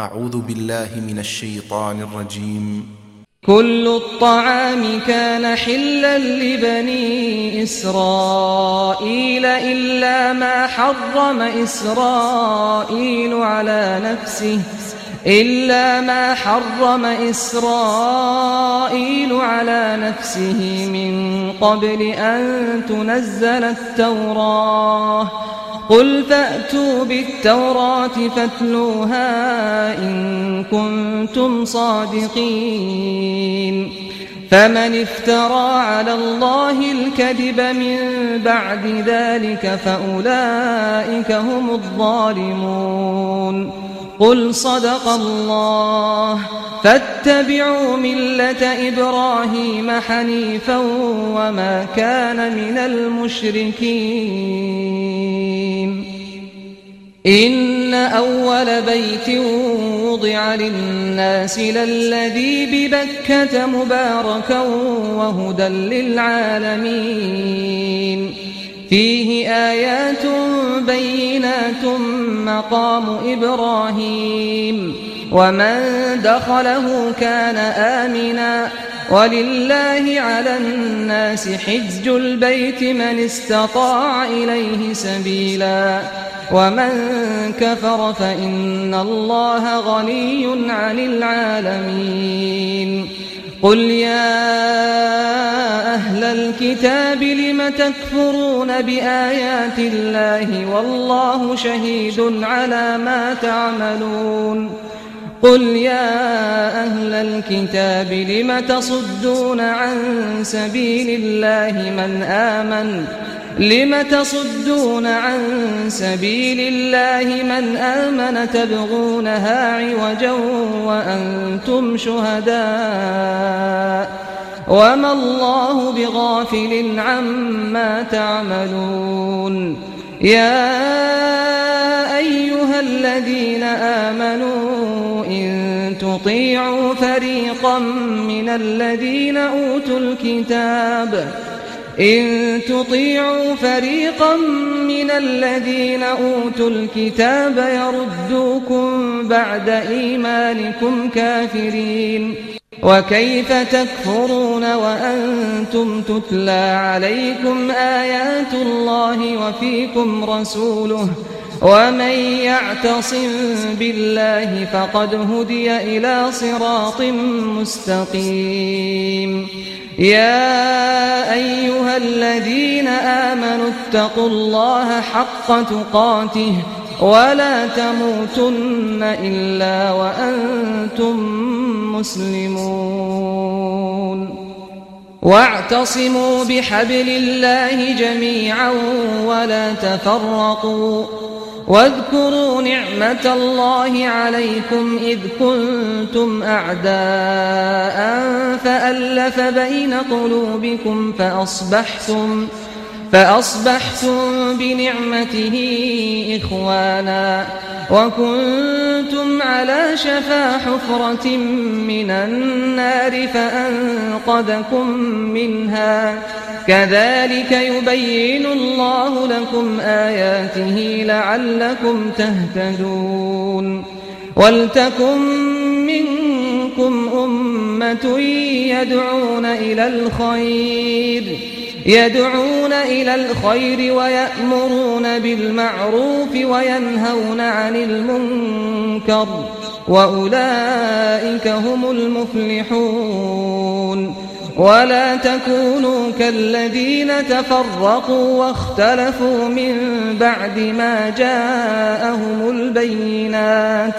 أعوذ بالله من الشيطان الرجيم كل الطعام كان حلا لبني إسرائيل إلا ما حرم إسرائيل على نفسه إلا ما حرم إسرائيل على نفسه من قبل أن تنزل التوراة قل فأتوا بالتوراة فاتلوها إن كنتم صادقين فمن افترى على الله الكذب من بعد ذلك فأولئك هم الظالمون قل صدق الله فاتبعوا ملة إبراهيم حنيفا وما كان من المشركين إن أول بيت وضع للناس للذي ببكة مباركا وهدى للعالمين فيه آيات بينات مقام إبراهيم ومن دخله كان آمنا ولله على الناس حج البيت من استطاع إليه سبيلا ومن كفر فإن الله غني عن العالمين قل يا أهل الكتاب لم تكفرون بآيات الله والله شهيد على ما تعملون قل يا أهل الكتاب لم تصدون عن سبيل الله من آمن لم تصدون عن سبيل الله من آمن تبغونها عوجا وأنتم شهداء وما الله بغافل عما تعملون يا أيها الذين آمنوا إن تطيعوا فريقا من الذين أوتوا الكتاب إن تطيعوا فريقا من الذين أوتوا الكتاب يردوكم بعد إيمانكم كافرين وكيف تكفرون وأنتم تتلى عليكم آيات الله وفيكم رسوله ومن يعتصم بالله فقد هدي إلى صراط مستقيم يا أيها الذين آمنوا اتقوا الله حق تقاته ولا تموتن إلا وأنتم مسلمون واعتصموا بحبل الله جميعا ولا تفرقوا واذكروا نعمة الله عليكم إذ كنتم أعداء فألف بين قلوبكم فأصبحتم فأصبحتم فأصبحتم بنعمته إخوانا وكنتم على شفا حفرة من النار فأنقذكم منها كذلك يبين الله لكم آياته لعلكم تهتدون ولتكن منكم أمة يدعون إلى الخير يدعون إلى الخير ويأمرون بالمعروف وينهون عن المنكر وأولئك هم المفلحون ولا تكونوا كالذين تفرقوا واختلفوا من بعد ما جاءهم البينات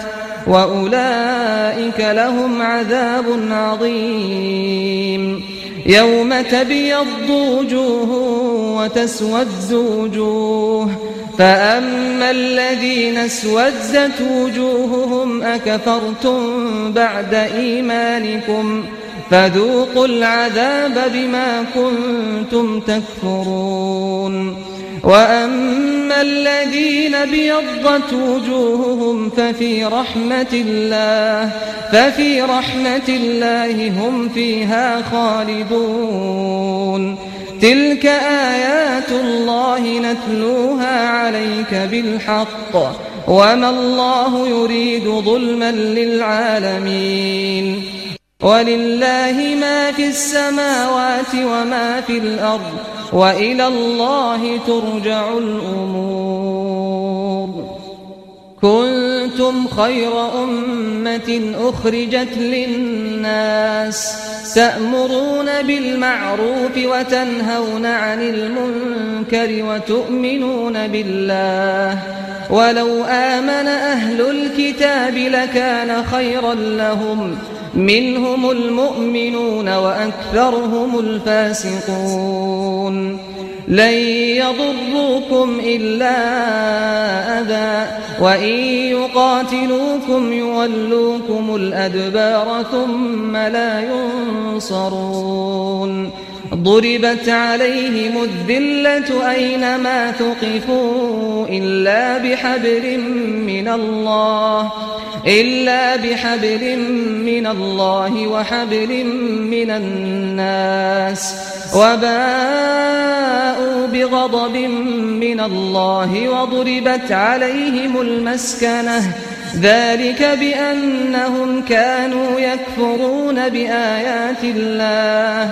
وأولئك لهم عذاب عظيم يوم تبيض وجوه وتسود وجوه فأما الذين اسودت وجوههم أكفرتم بعد إيمانكم فذوقوا العذاب بما كنتم تكفرون وأما الذين ابيضت وجوههم ففي رحمة الله ففي رحمة الله هم فيها خالدون تلك آيات الله نتلوها عليك بالحق وما الله يريد ظلما للعالمين ولله ما في السماوات وما في الأرض وإلى الله ترجع الأمور كنتم خير أمة أخرجت للناس تأمرون بالمعروف وتنهون عن المنكر وتؤمنون بالله ولو آمن أهل الكتاب لكان خيرا لهم ۖ منهم المؤمنون وأكثرهم الفاسقون لن يضروكم إلا أذى وإن يقاتلوكم يولوكم الأدبار ثم لا ينصرون ضربت عليهم الذلة أينما ثقفوا إلا بحبل من الله إلا بحبل من الله وحبل من الناس وباءوا بغضب من الله وضربت عليهم المسكنه ذلك بأنهم كانوا يكفرون بآيات الله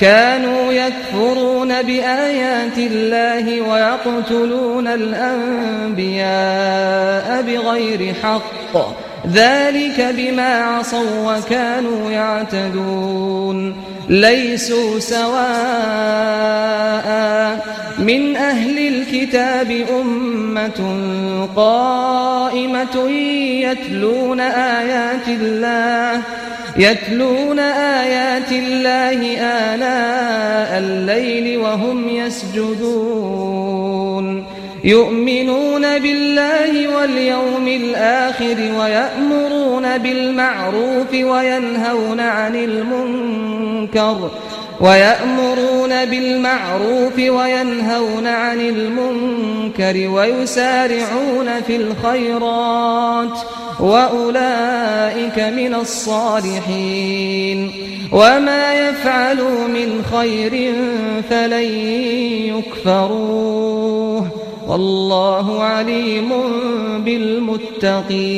كانوا يكفرون بآيات الله ويقتلون الأنبياء بغير حق ذلك بما عصوا وكانوا يعتدون ليسوا سواء من أهل الكتاب أمة قائمة يتلون آيات الله يتلون آيات الله آناء الليل وهم يسجدون يؤمنون بالله واليوم الآخر ويأمرون بالمعروف وينهون عن المنكر ويأمرون بالمعروف وينهون عن المنكر ويسارعون في الخيرات وأولئك من الصالحين وما يفعلوا من خير فلن يكفروه والله عليم بالمتقين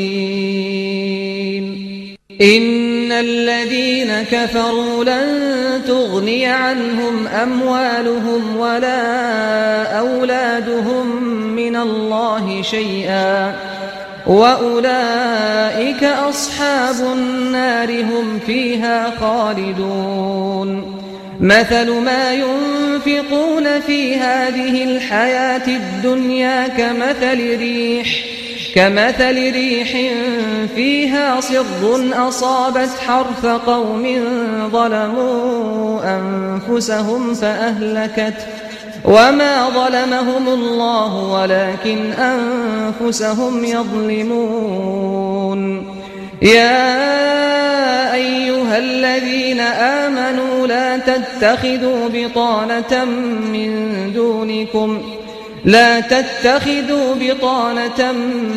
إن الذين كفروا لن تغني عنهم أموالهم ولا أولادهم من الله شيئا وأولئك أصحاب النار هم فيها خالدون مثل ما ينفقون في هذه الحياة الدنيا كمثل ريح كمثل ريح فيها صر أصابت حرث قوم ظلموا أنفسهم فأهلكت وما ظلمهم الله ولكن أنفسهم يظلمون يا أيها الذين آمنوا لا تتخذوا بطانة من دونكم لا تتخذوا بطانة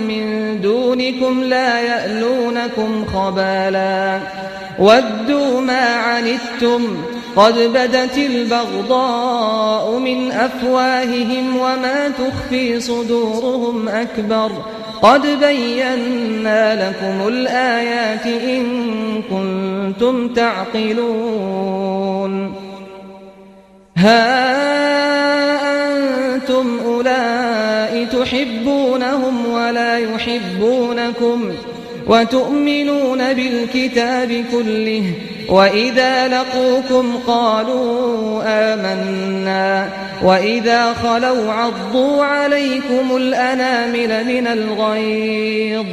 من دونكم لا يألونكم خبالا ودوا ما عنتم قد بدت البغضاء من أفواههم وما تخفي صدورهم أكبر قد بينا لكم الآيات إن كنتم تعقلون ها أنتم أولئك تحبونهم ولا يحبونكم وتؤمنون بالكتاب كله وإذا لقوكم قالوا آمنا وإذا خلوا عضوا عليكم الأنامل من الغيظ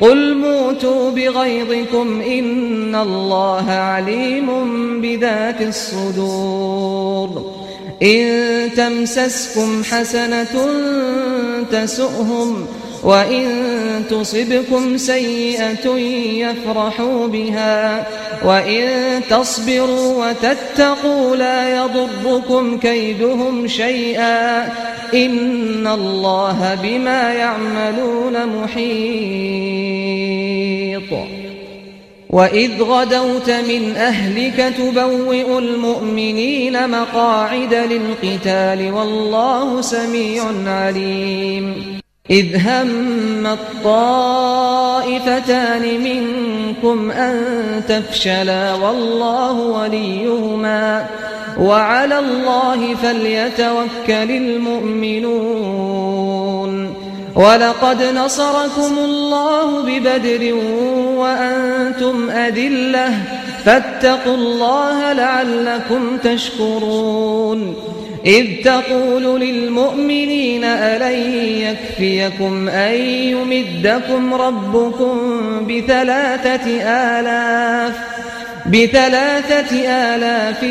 قل موتوا بغيظكم إن الله عليم بذات الصدور إن تمسسكم حسنة تسؤهم وإن تصبكم سيئة يفرحوا بها وإن تصبروا وتتقوا لا يضركم كيدهم شيئا إن الله بما يعملون محيط وإذ غدوت من أهلك تبوئ المؤمنين مقاعد للقتال والله سميع عليم إذ هم الطائفتان منكم أن تفشلا والله وليهما وعلى الله فليتوكل المؤمنون ولقد نصركم الله ببدر وأنتم أذلة فاتقوا الله لعلكم تشكرون إذ تقول للمؤمنين ألن يكفيكم أن يمدكم ربكم بثلاثة آلاف بثلاثة آلاف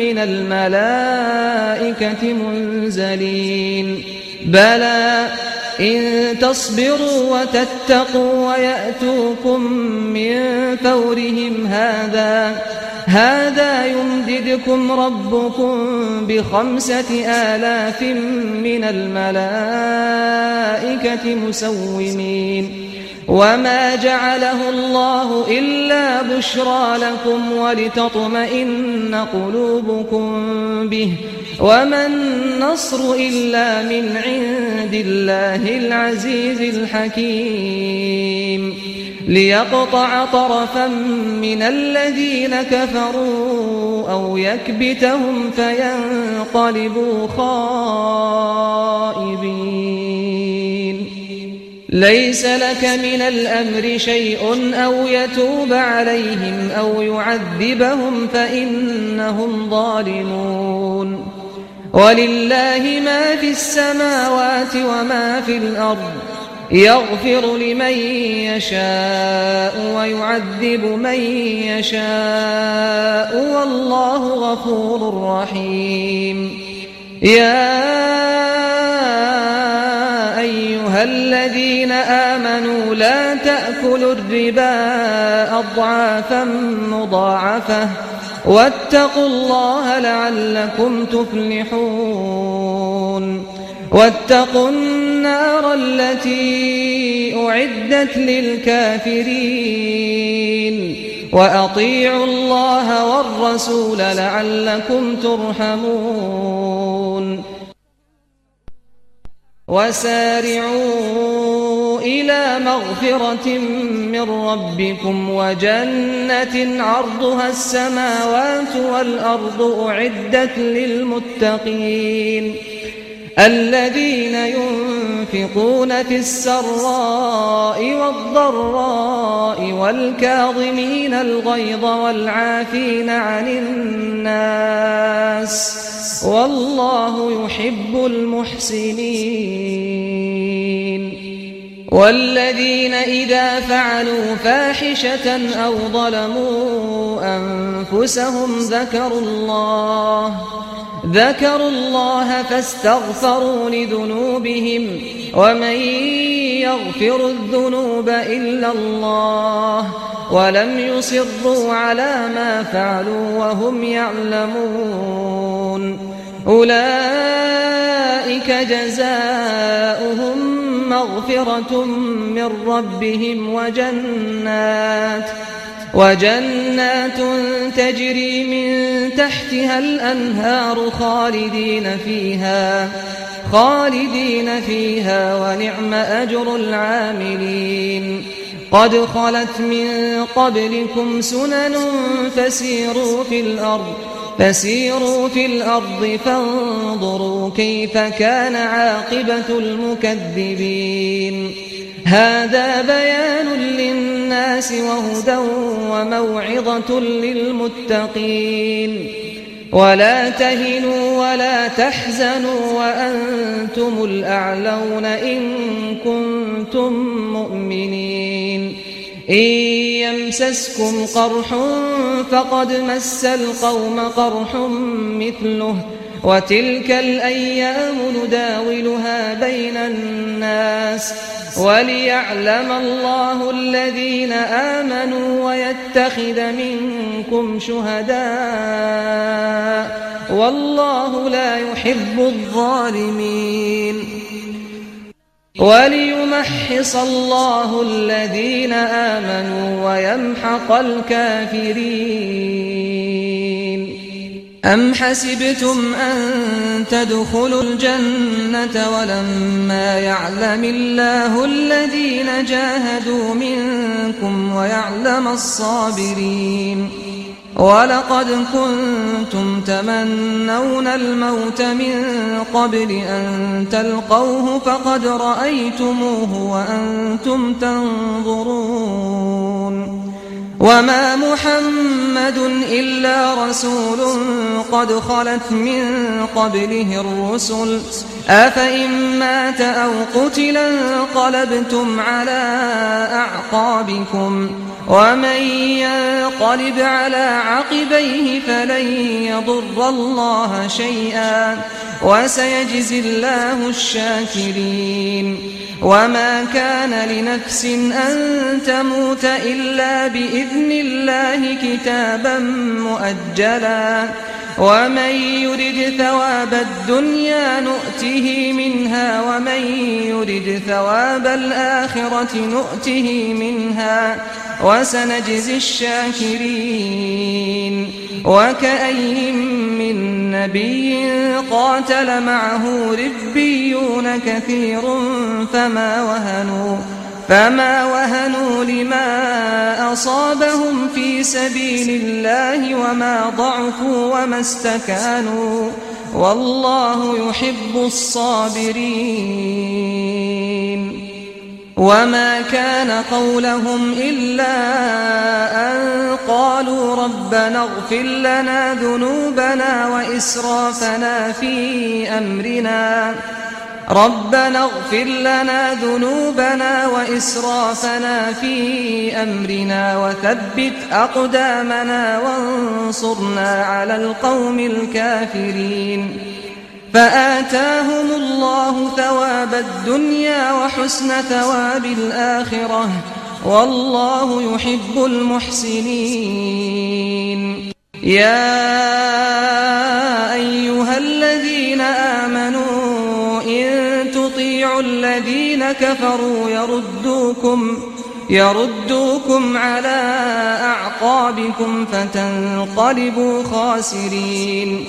من الملائكة منزلين بلى إن تصبروا وتتقوا ويأتوكم من فورهم هذا هذا يمددكم ربكم بخمسة آلاف من الملائكة مسومين وما جعله الله إلا بشرى لكم ولتطمئن قلوبكم به وما النصر إلا من عند الله العزيز الحكيم ليقطع طرفا من الذين كفروا أو يكبتهم فينقلبوا خائبين ليس لك من الأمر شيء أو يتوب عليهم أو يعذبهم فإنهم ظالمون ولله ما في السماوات وما في الأرض يغفر لمن يشاء ويعذب من يشاء والله غفور رحيم يا الذين آمنوا لا تأكلوا الربا أضعافا مضاعفة واتقوا الله لعلكم تفلحون واتقوا النار التي أعدت للكافرين وأطيعوا الله والرسول لعلكم ترحمون وسارعوا إلى مغفرة من ربكم وجنة عرضها السماوات والأرض أعدت للمتقين الذين ينفقون في السراء والضراء والكاظمين الغيظ والعافين عن الناس والله يحب المحسنين والذين إذا فعلوا فاحشة أو ظلموا أنفسهم ذكروا الله ذكروا الله فاستغفروا لذنوبهم ومن يغفر الذنوب إلا الله ولم يصروا على ما فعلوا وهم يعلمون أولئك جزاؤهم مغفرة من ربهم وجنات وجنات تجري من تحتها الأنهار خالدين فيها خالدين فيها ونعم أجر العاملين قد خلت من قبلكم سنن فسيروا في الأرض فسيروا في الأرض فانظروا كيف كان عاقبة المكذبين هذا بيان للناس وهدى وموعظة للمتقين ولا تهنوا ولا تحزنوا وأنتم الأعلون إن كنتم مؤمنين إن يمسسكم قرح فقد مس القوم قرح مثله وتلك الأيام نداولها بين الناس وليعلم الله الذين آمنوا ويتخذ منكم شهداء والله لا يحب الظالمين وليمحص الله الذين آمنوا ويمحق الكافرين أم حسبتم أن تدخلوا الجنة ولما يعلم الله الذين جاهدوا منكم ويعلم الصابرين ولقد كنتم تمنون الموت من قبل أن تلقوه فقد رأيتموه وأنتم تنظرون وما محمد إلا رسول قد خلت من قبله الرسل أفإن مات أو قتلا انقلبتم على أعقابكم ومن ينقلب على عقبيه فلن يضر الله شيئا وسيجزي الله الشاكرين وما كان لنفس أن تموت إلا بإذن الله كتابا مؤجلا ومن يرد ثواب الدنيا نؤته منها ومن يرد ثواب الآخرة نؤته منها وسنجزي الشاكرين وكاين من نبي قاتل معه ربيون كثير فما وهنوا فما وهنوا لما أصابهم في سبيل الله وما ضعفوا وما استكانوا والله يحب الصابرين وما كان قولهم إلا أن قالوا ربنا اغفر لنا ذنوبنا وإسرافنا في أمرنا ربنا اغفر لنا ذنوبنا وإسرافنا في أمرنا وثبت أقدامنا وانصرنا على القوم الكافرين فآتاهم الله ثواب الدنيا وحسن ثواب الآخرة والله يحب المحسنين يا أيها الذين آمنوا إن تطيعوا الذين كفروا يردوكم يردوكم على أعقابكم فتنقلبوا خاسرين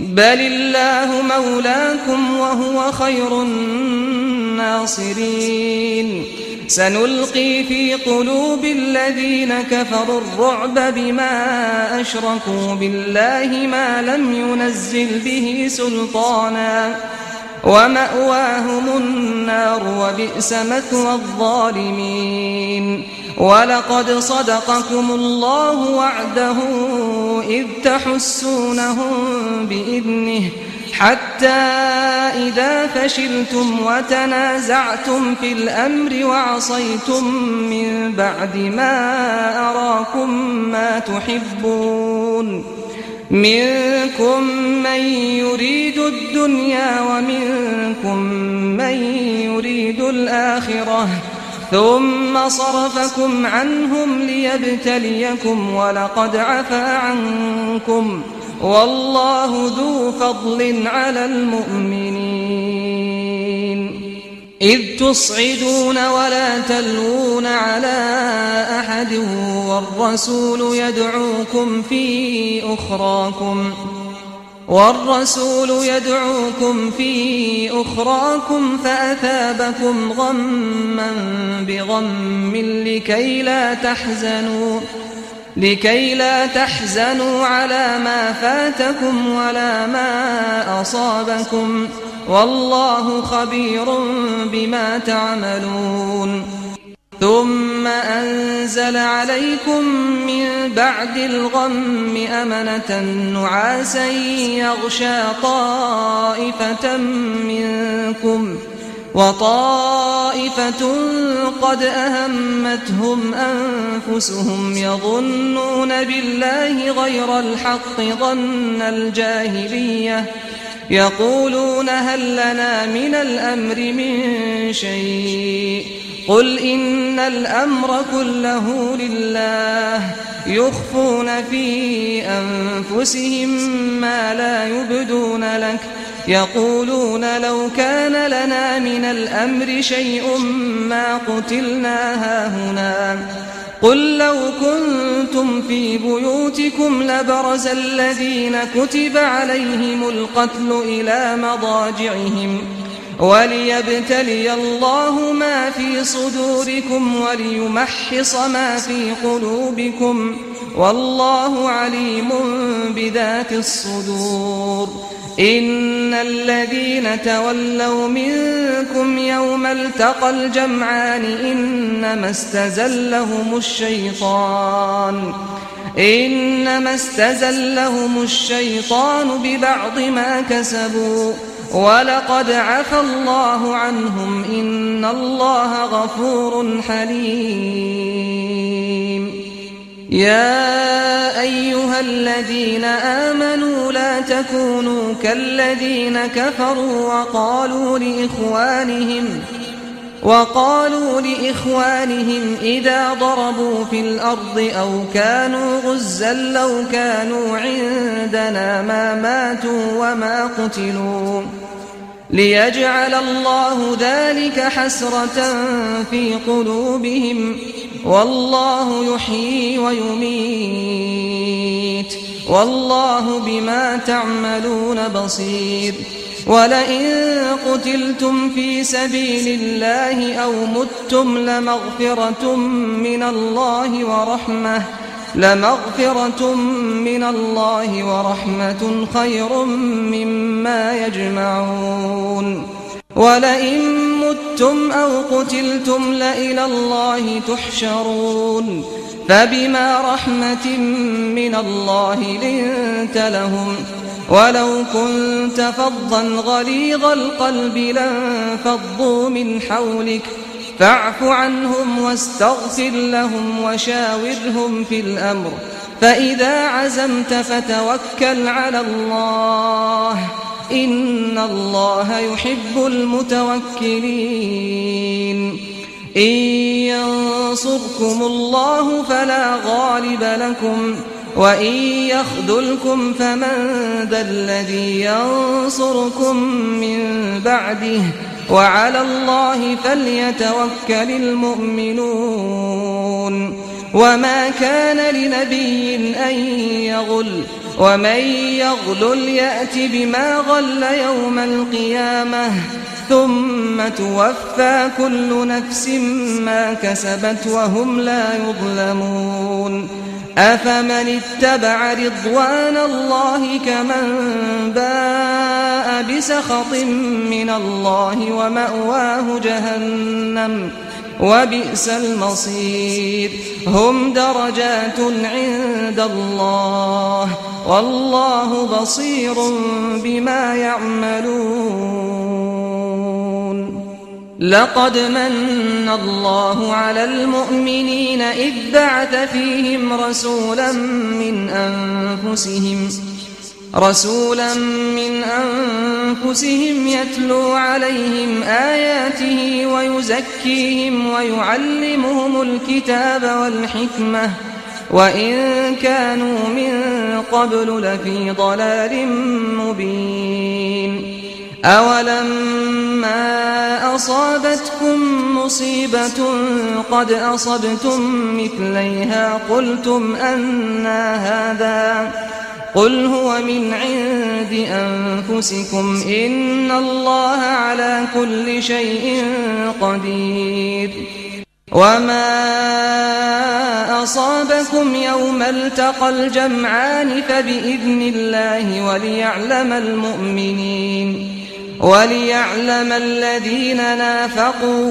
بل الله مولاكم وهو خير الناصرين سنلقي في قلوب الذين كفروا الرعب بما أشركوا بالله ما لم ينزل به سلطانا ومأواهم النار وبئس مثوى الظالمين ولقد صدقكم الله وعده إذ تحسونهم بإذنه حتى إذا فشلتم وتنازعتم في الأمر وعصيتم من بعد ما أراكم ما تحبون منكم من يريد الدنيا ومنكم من يريد الآخرة ثم صرفكم عنهم ليبتليكم ولقد عفا عنكم والله ذو فضل على المؤمنين إذ تصعدون ولا تلوون على أحد والرسول يدعوكم في أخراكم والرسول يدعوكم في أخراكم فأثابكم غما بغم لكي لا تحزنوا لكي لا تحزنوا على ما فاتكم ولا ما أصابكم والله خبير بما تعملون ثم أنزل عليكم من بعد الغم أمنة نعاسا يغشى طائفة منكم وطائفة قد أهمتهم أنفسهم يظنون بالله غير الحق ظن الجاهلية يقولون هل لنا من الأمر من شيء قل إن الأمر كله لله يخفون في أنفسهم ما لا يبدون لك يقولون لو كان لنا من الأمر شيء ما قتلنا هاهنا قل لو كنتم في بيوتكم لبرز الذين كتب عليهم القتل إلى مضاجعهم وليبتلي الله ما في صدوركم وليمحص ما في قلوبكم والله عليم بذات الصدور إن الذين تولوا منكم يوم التقى الجمعان إنما استزلهم الشيطان إنما استزلهم الشيطان ببعض ما كسبوا ولقد عفى الله عنهم إن الله غفور حليم يا أيها الذين آمنوا لا تكونوا كالذين كفروا وقالوا لإخوانهم وقالوا لإخوانهم إذا ضربوا في الأرض أو كانوا غزا لو كانوا عندنا ما ماتوا وما قتلوا ليجعل الله ذلك حسرة في قلوبهم والله يحيي ويميت والله بما تعملون بصير ولئن قتلتم في سبيل الله أو متم لمغفرة من الله ورحمه لمغفرة من الله ورحمة خير مما يجمعون ولئن متم أو قتلتم لإلى الله تحشرون فبما رحمة من الله لنت لهم ولو كنت فظا غليظ القلب لانفضوا من حولك ۖ فاعف عنهم واستغفر لهم وشاورهم في الأمر فإذا عزمت فتوكل على الله إن الله يحب المتوكلين إن ينصركم الله فلا غالب لكم وإن يخذلكم فمن ذا الذي ينصركم من بعده وعلى الله فليتوكل المؤمنون وما كان لنبي أن يغل ومن يغل يأت بما غل يوم القيامة ثم توفى كل نفس ما كسبت وهم لا يظلمون أفمن اتبع رضوان الله كمن باء بسخط من الله ومأواه جهنم وبئس المصير هم درجات عند الله والله بصير بما يعملون لقد من الله على المؤمنين إذ بعث فيهم رسولا من أنفسهم رسولا من أنفسهم يتلو عليهم آياته ويزكيهم ويعلمهم الكتاب والحكمة وإن كانوا من قبل لفي ضلال مبين أولما أصابتكم مصيبة قد أصبتم مثليها قلتم أنا هذا قل هو من عند أنفسكم إن الله على كل شيء قدير وما أصابكم يوم التقى الجمعان فبإذن الله وليعلم المؤمنين وليعلم الذين نافقوا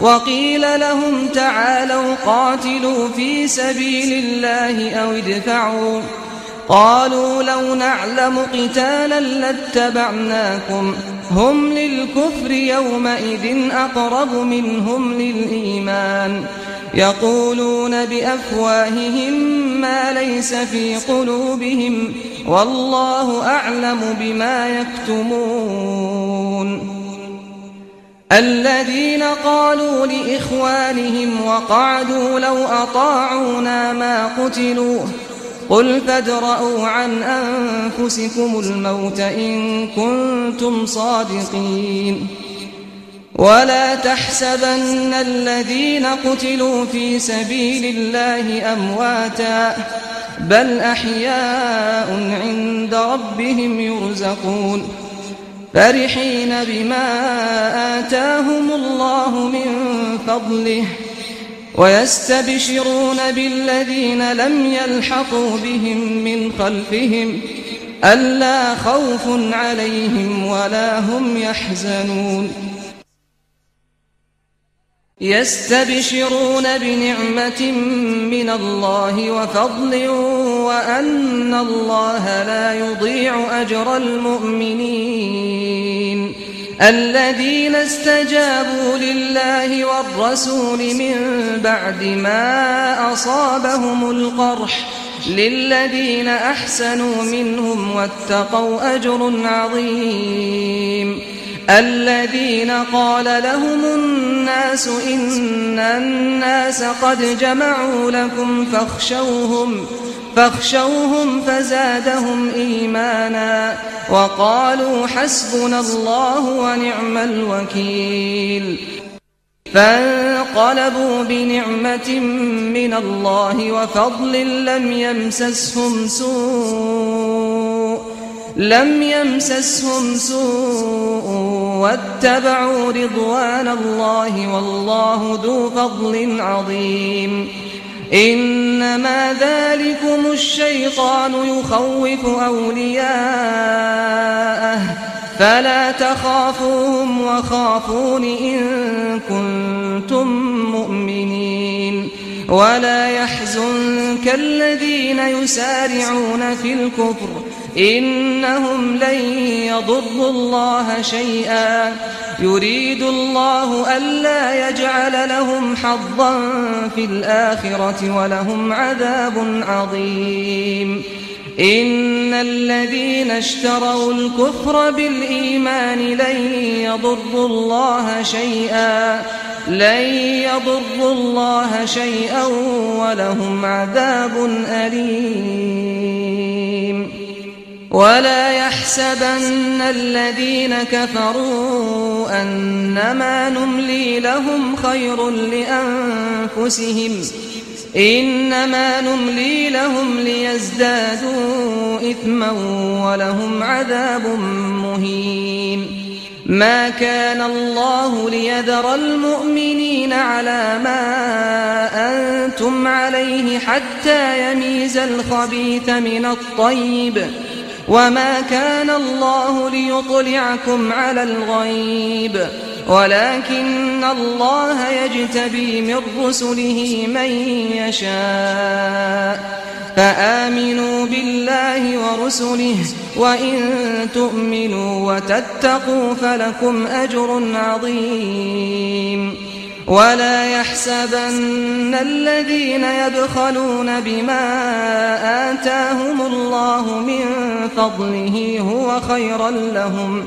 وقيل لهم تعالوا قاتلوا في سبيل الله أو ادفعوا قالوا لو نعلم قتالا لاتبعناكم هم للكفر يومئذ أقرب منهم للإيمان يقولون بأفواههم ما ليس في قلوبهم والله أعلم بما يكتمون الذين قالوا لإخوانهم وقعدوا لو أطاعونا ما قتلوا قل فادرءوا عن أنفسكم الموت إن كنتم صادقين ولا تحسبن الذين قتلوا في سبيل الله أمواتا بل أحياء عند ربهم يرزقون فرحين بما آتاهم الله من فضله ويستبشرون بالذين لم يلحقوا بهم من خلفهم ألا خوف عليهم ولا هم يحزنون يستبشرون بنعمة من الله وفضل وأن الله لا يضيع أجر المؤمنين الذين استجابوا لله والرسول من بعد ما أصابهم القرح للذين أحسنوا منهم واتقوا أجر عظيم الذين قال لهم الناس إن الناس قد جمعوا لكم فاخشوهم فاخشوهم فزادهم إيمانا وقالوا حسبنا الله ونعم الوكيل فانقلبوا بنعمة من الله وفضل لم يمسسهم سوء لم يمسسهم سوء واتبعوا رضوان الله والله ذو فضل عظيم إنما ذلكم الشيطان يخوف أولياءه فلا تخافوهم وخافون إن كنتم مؤمنين ولا يحزنك الذين يسارعون في الكفر إنهم لن يضروا الله شيئا يريد الله ألا يجعل لهم حظا في الآخرة ولهم عذاب عظيم إن الذين اشتروا الكفر بالإيمان لن يضروا الله شيئا لن يضروا الله شيئا ولهم عذاب أليم ولا يحسبن الذين كفروا أنما نملي لهم خير لأنفسهم إنما نملي لهم ليزدادوا إثما ولهم عذاب مهين ما كان الله ليذر المؤمنين على ما أنتم عليه حتى يميز الخبيث من الطيب ۖ وما كان الله ليطلعكم على الغيب ولكن الله يجتبي من رسله من يشاء فآمنوا بالله ورسله وإن تؤمنوا وتتقوا فلكم أجر عظيم ولا يحسبن الذين يبخلون بما آتاهم الله من فضله هو خيرا لهم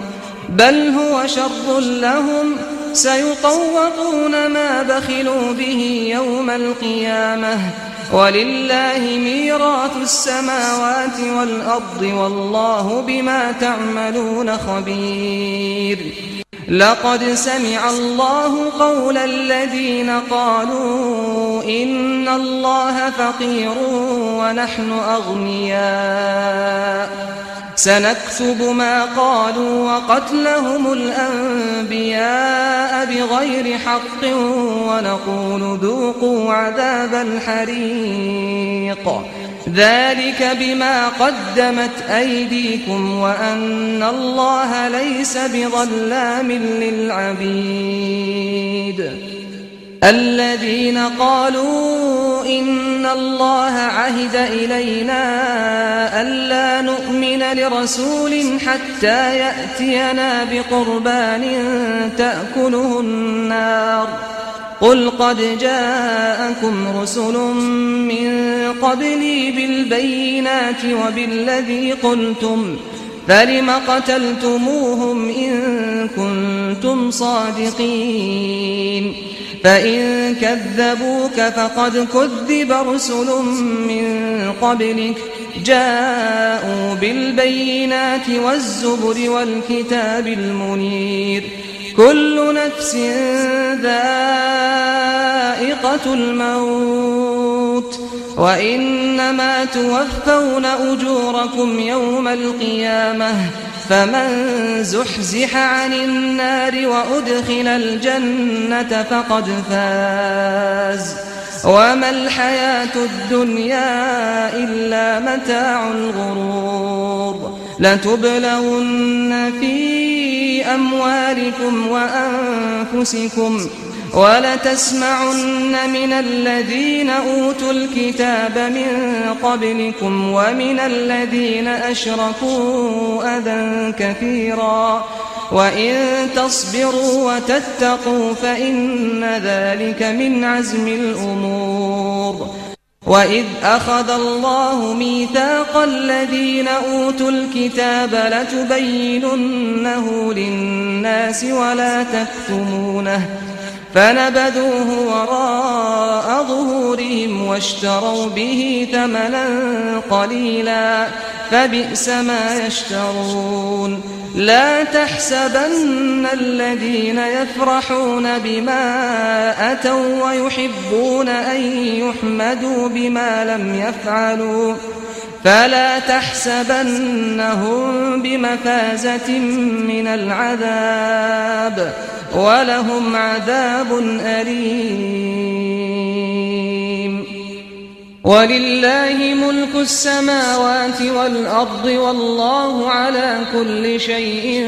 بل هو شر لهم سيطوقون ما بخلوا به يوم القيامة ولله ميراث السماوات والأرض والله بما تعملون خبير لقد سمع الله قول الذين قالوا إن الله فقير ونحن أغنياء سنكتب ما قالوا وقتلهم الأنبياء بغير حق ونقول ذوقوا عذاب الحريق ذلك بما قدمت أيديكم وأن الله ليس بظلام للعبيد الذين قالوا إن الله عهد إلينا ألا نؤمن لرسول حتى يأتينا بقربان تأكله النار قل قد جاءكم رسل من قبلي بالبينات وبالذي قلتم فلم قتلتموهم إن كنتم صادقين فإن كذبوك فقد كذب رسل من قبلك جاءوا بالبينات والزبر والكتاب المنير كل نفس ذائقة الموت وإنما توفون أجوركم يوم القيامة فمن زحزح عن النار وأدخل الجنة فقد فاز وما الحياة الدنيا إلا متاع الغرور لتبلون في أموالكم وأنفسكم ولتسمعن من الذين أوتوا الكتاب من قبلكم ومن الذين أشركوا أذى كثيرا وإن تصبروا وتتقوا فإن ذلك من عزم الأمور وَإِذْ أَخَذَ اللَّهُ مِيثَاقَ الَّذِينَ أُوتُوا الْكِتَابَ لَتُبَيِّنُنَّهُ لِلنَّاسِ وَلَا تَكْتُمُونَهُ فنبذوه وراء ظهورهم واشتروا به ثمنا قليلا فبئس ما يشترون لا تحسبن الذين يفرحون بما أتوا ويحبون أن يحمدوا بما لم يفعلوا فلا تحسبنهم بمفازة من العذاب ولهم عذاب أليم ولله ملك السماوات والأرض والله على كل شيء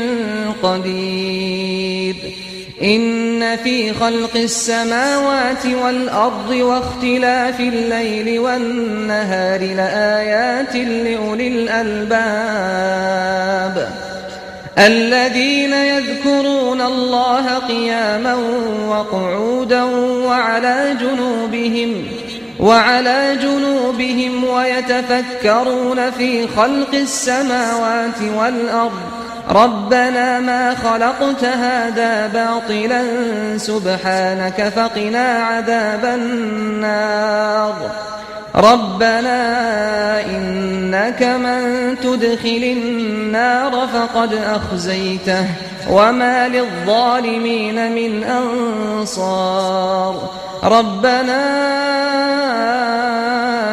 قدير إن في خلق السماوات والأرض واختلاف الليل والنهار لآيات لأولي الألباب الذين يذكرون الله قياما وقعودا وعلى جنوبهم وعلى جنوبهم ويتفكرون في خلق السماوات والأرض ربنا ما خلقت هذا باطلا سبحانك فقنا عذاب النار ربنا إنك من تدخل النار فقد أخزيته وما للظالمين من أنصار ربنا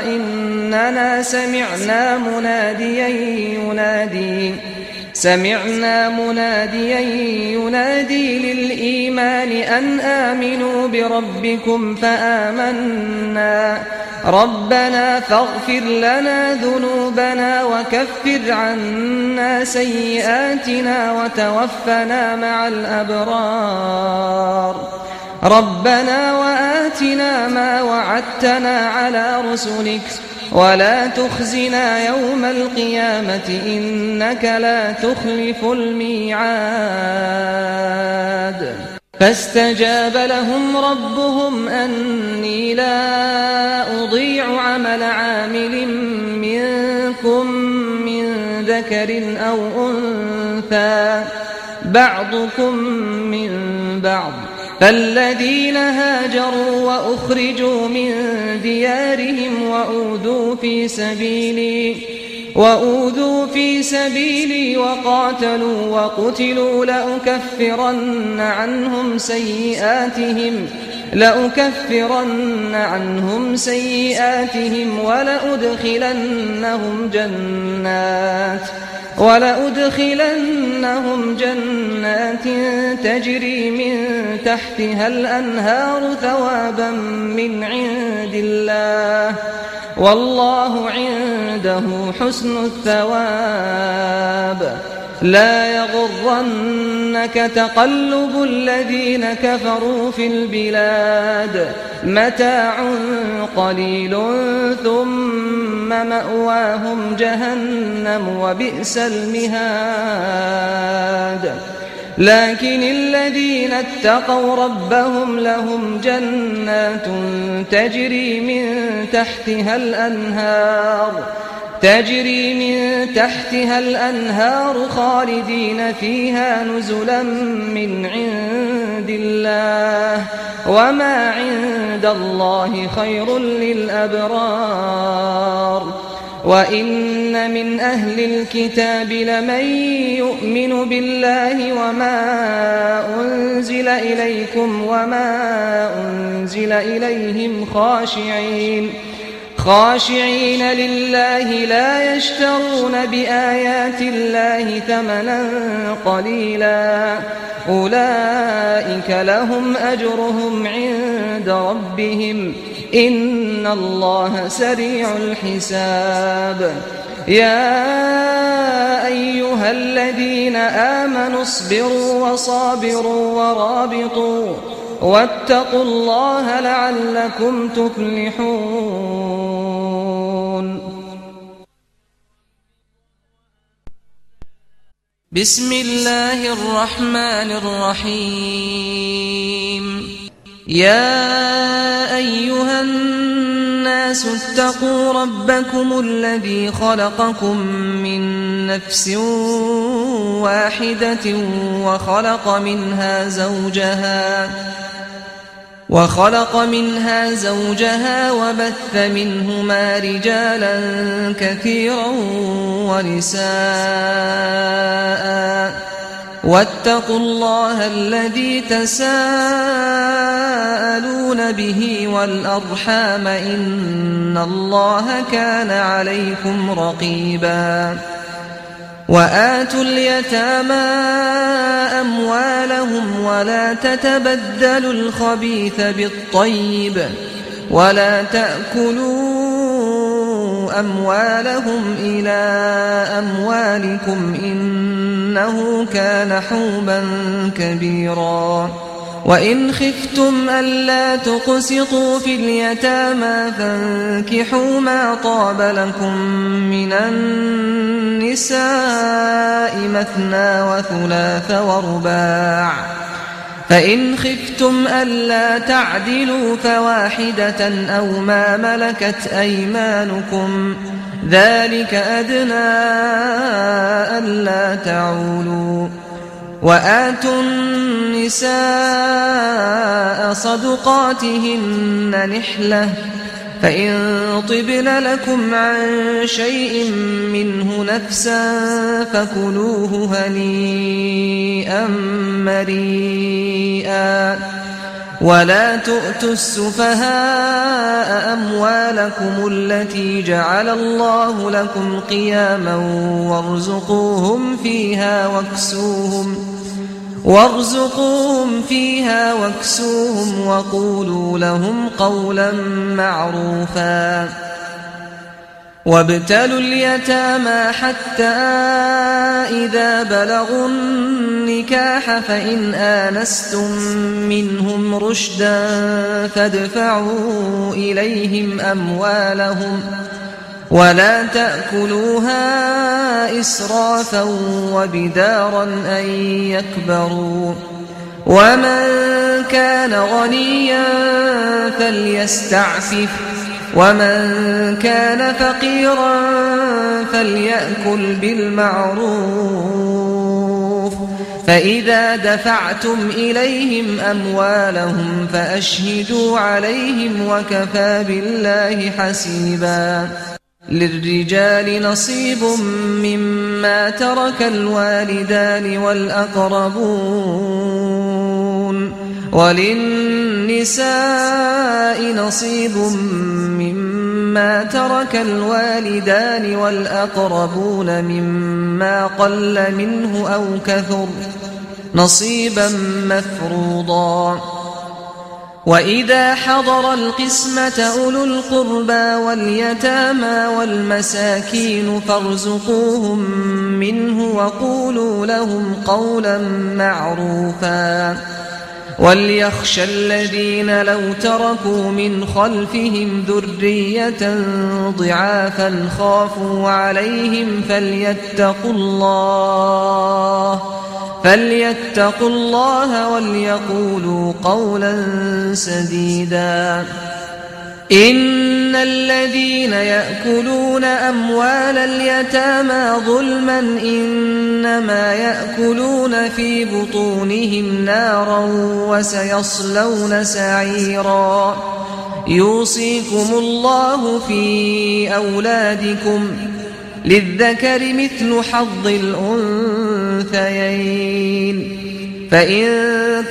إننا سمعنا مناديا ينادي سمعنا مناديا ينادي للإيمان أن آمنوا بربكم فآمنا ربنا فاغفر لنا ذنوبنا وكفر عنا سيئاتنا وتوفنا مع الأبرار ربنا وآتنا ما وعدتنا على رسلك ولا تخزنا يوم القيامة إنك لا تخلف الميعاد فاستجاب لهم ربهم أني لا أضيع عمل عامل منكم من ذكر أو أنثى بعضكم من بعض فالذين هاجروا وأخرجوا من ديارهم وأوذوا في سبيلي وأوذوا في سبيلي وقاتلوا وقتلوا لأكفرن عنهم سيئاتهم لأكفرن عنهم سيئاتهم ولأدخلنهم جنات ۖ ولأدخلنهم جنات تجري من تحتها الأنهار ثوابا من عند الله والله عنده حسن الثواب لا يغرنك تقلب الذين كفروا في البلاد متاع قليل ثم مأواهم جهنم وبئس المهاد لكن الذين اتقوا ربهم لهم جنات تجري من تحتها الأنهار تجري من تحتها الأنهار خالدين فيها نزلا من عند الله وما عند الله خير للأبرار وإن من أهل الكتاب لمن يؤمن بالله وما أنزل إليكم وما أنزل إليهم خاشعين خاشعين لله لا يشترون بآيات الله ثمنا قليلا أولئك لهم أجرهم عند ربهم إن الله سريع الحساب يا أيها الذين آمنوا اصبروا وصابروا ورابطوا واتقوا الله لعلكم تفلحون بسم الله الرحمن الرحيم يا ايها الناس اتقوا ربكم الذي خلقكم من نفس واحده وخلق منها زوجها وخلق منها زوجها وبث منهما رجالا كثيرا ونساء واتقوا الله الذي تساءلون به والأرحام إن الله كان عليكم رقيبا وآتوا اليتامى أموالهم ولا تتبدلوا الخبيث بالطيب ولا تأكلوا أموالهم إلى أموالكم إن إنه كان حوبا كبيرا وإن خفتم ألا تقسطوا في اليتامى فانكحوا ما طاب لكم من النساء مثنى وثلاث ورباع فإن خفتم ألا تعدلوا فواحدة أو ما ملكت أيمانكم ذلك أدنى ألا تعولوا وآتوا النساء صدقاتهن نحلةً فإن طبن لكم عن شيء منه نفسا فكلوه هنيئا مريئا ولا تؤتوا السفهاء أموالكم التي جعل الله لكم قياما وارزقوهم فيها واكسوهم ۖ وارزقوهم فيها واكسوهم وقولوا لهم قولا معروفا وابتلوا اليتامى حتى إذا بلغوا النكاح فإن آنستم منهم رشدا فادفعوا إليهم أموالهم ۖ ولا تأكلوها إسرافا وبدارا أن يكبروا ومن كان غنيا فليستعفف ومن كان فقيرا فليأكل بالمعروف فإذا دفعتم إليهم أموالهم فأشهدوا عليهم وكفى بالله حسيبا للرجال نصيب مما ترك الوالدان والأقربون وللنساء نصيب مما ترك الوالدان والأقربون مما قل منه أو كثر نصيبا مفروضا وإذا حضر القسمة أولو القربى واليتامى والمساكين فارزقوهم منه وقولوا لهم قولا معروفا وليخشى الذين لو تركوا من خلفهم ذرية ضعافا خافوا عليهم فليتقوا الله فليتقوا الله وليقولوا قولا سديدا إن الذين يأكلون أموال اليتامى ظلما إنما يأكلون في بطونهم نارا وسيصلون سعيرا يوصيكم الله في أولادكم للذكر مثل حظ الأنثيين فإن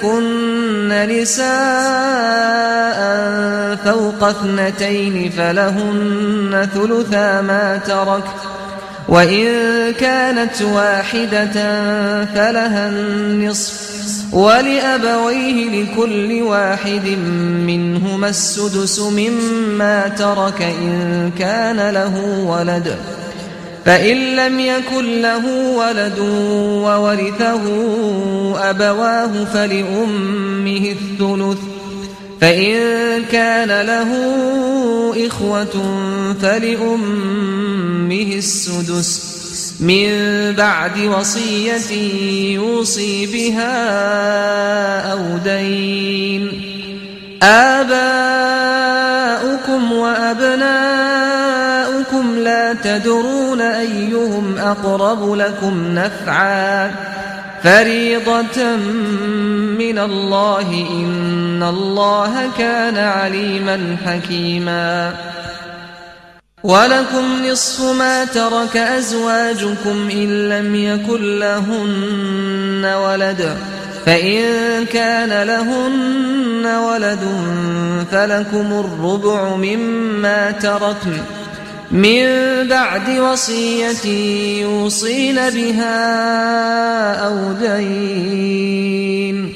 كن نساء فوق اثنتين فلهن ثلثا ما ترك وإن كانت واحدة فلها النصف ولأبويه لكل واحد منهما السدس مما ترك إن كان له ولد ۖ فإن لم يكن له ولد وورثه أبواه فلأمه الثلث فإن كان له إخوة فلأمه السدس من بعد وصية يوصي بها أو دين آباؤكم وأبناؤكم لا تدرون أيهم أقرب لكم نفعا فريضة من الله إن الله كان عليما حكيما ولكم نصف ما ترك أزواجكم إن لم يكن لهن ولد فإن كان لهن ولد فلكم الربع مما تركن من بعد وصية يوصين بها أو دين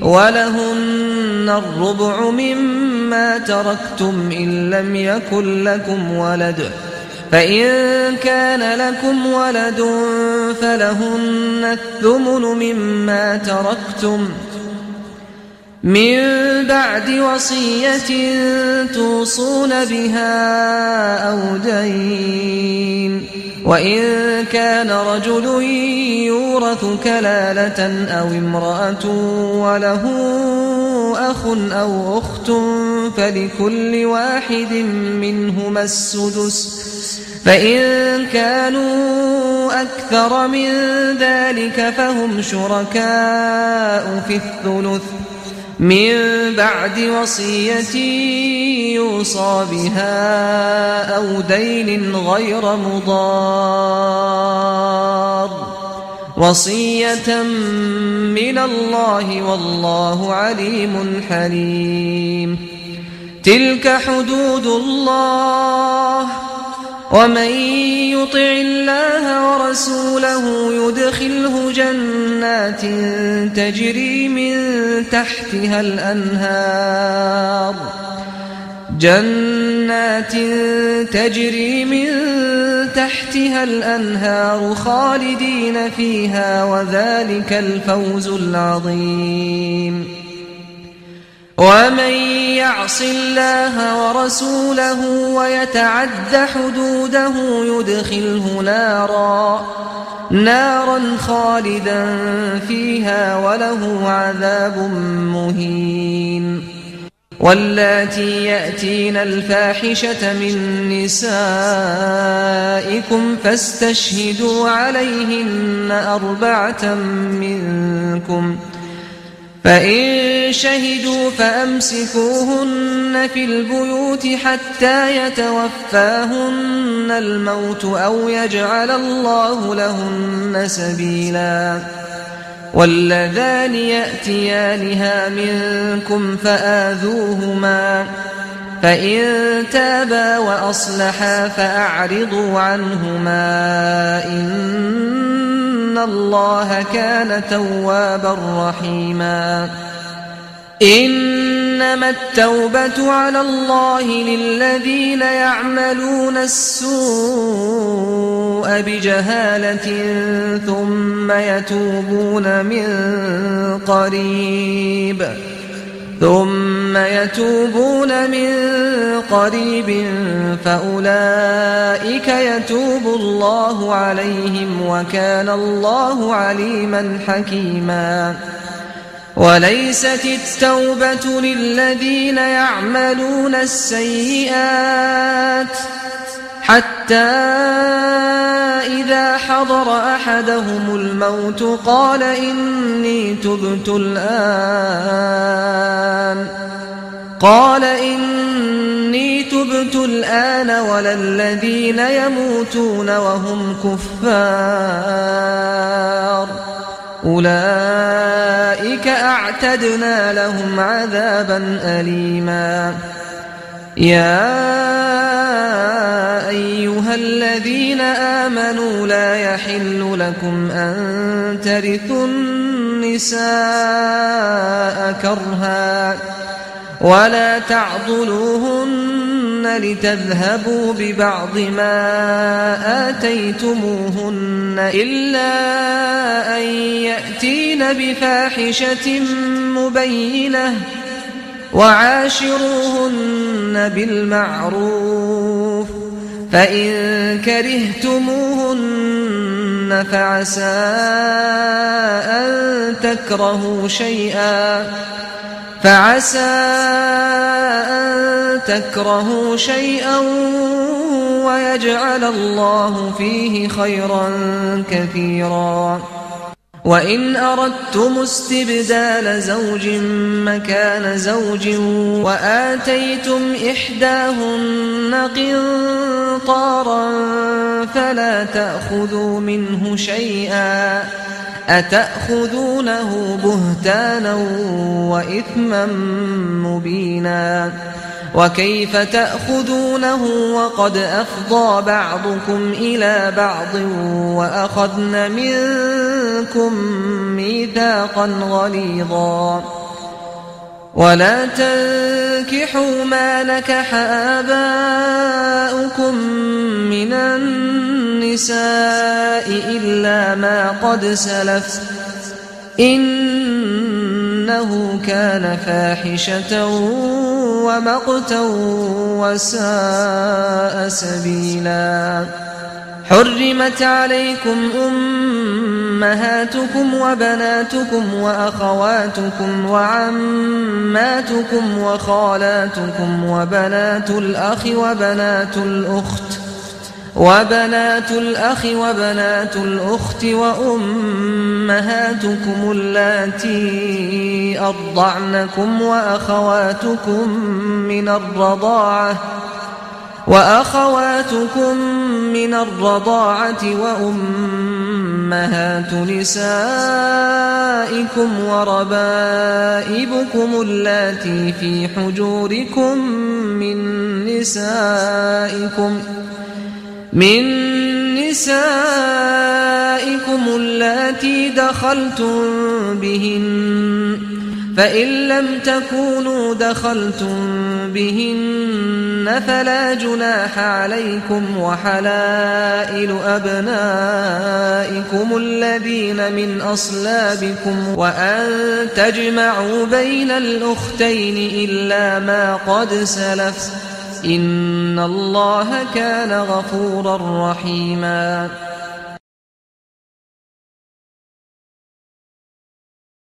ولهن الربع مما تركتم إن لم يكن لكم ولد فإن كان لكم ولد فلهن الثمن مما تركتم ۖ من بعد وصية توصون بها أو دين وإن كان رجل يورث كلالة أو امرأة وله أخ أو أخت فلكل واحد منهما السدس فإن كانوا أكثر من ذلك فهم شركاء في الثلث من بعد وصية يوصى بها أو دين غير مضار وصية من الله والله عليم حليم تلك حدود الله ومن يطع الله ورسوله يدخله جنات تجري من تحتها الأنهار جنات تجري من تحتها الأنهار خالدين فيها وذلك الفوز العظيم ومن يعص الله ورسوله ويتعد حدوده يدخله نارا نارا خالدا فيها وله عذاب مهين واللاتي ياتين الفاحشه من نسائكم فاستشهدوا عليهن اربعه منكم ۖ فإن شهدوا فأمسكوهن في البيوت حتى يتوفاهن الموت أو يجعل الله لهن سبيلا واللذان يأتيانها منكم فآذوهما فإن تابا وأصلحا فأعرضوا عنهما إن إن الله كان توابا رحيما إنما التوبة على الله للذين يعملون السوء بجهالة ثم يتوبون من قريب ۖ ثم يتوبون من قريب فأولئك يتوب الله عليهم وكان الله عليما حكيما وليست التوبة للذين يعملون السيئات حتى إذا حضر أحدهم الموت قال إني تبت الآن قال إني تبت الآن ولا الذين يموتون وهم كفار أولئك أعتدنا لهم عذابا أليماً يا أيها الذين آمنوا لا يحل لكم أن ترثوا النساء كرها ولا تعضلوهن لتذهبوا ببعض ما آتيتموهن إلا أن يأتين بفاحشة مبينة ۖ وعاشروهن بالمعروف فإن كرهتموهن فعسى أن تكرهوا شيئا فعسى أن تكرهوا شيئا ويجعل الله فيه خيرا كثيرا وإن أردتم استبدال زوج مكان زوج وآتيتم إحداهن قنطارا فلا تأخذوا منه شيئا أتأخذونه بهتانا وإثما مبينا وكيف تأخذونه وقد أفضى بعضكم إلى بعض وأخذن منكم ميثاقا غليظا ولا تنكحوا ما نكح آباؤكم من النساء إلا ما قد سلف إنه كان فاحشة ومقتا وساء سبيلا حرمت عليكم أمهاتكم وبناتكم وأخواتكم وعماتكم وخالاتكم وبنات الأخ وبنات الأخت وبنات الأخ وبنات الأخت وأمهاتكم اللاتي أرضعنكم وأخواتكم من الرضاعة وأخواتكم من الرضاعة وأمهات نسائكم وربائبكم اللاتي في حجوركم من نسائكم ۖ من نسائكم اللاتي دخلتم بهن فإن لم تكونوا دخلتم بهن فلا جناح عليكم وحلائل أبنائكم الذين من أصلابكم وأن تجمعوا بين الأختين إلا ما قد سلفت إن الله كان غفورا رحيما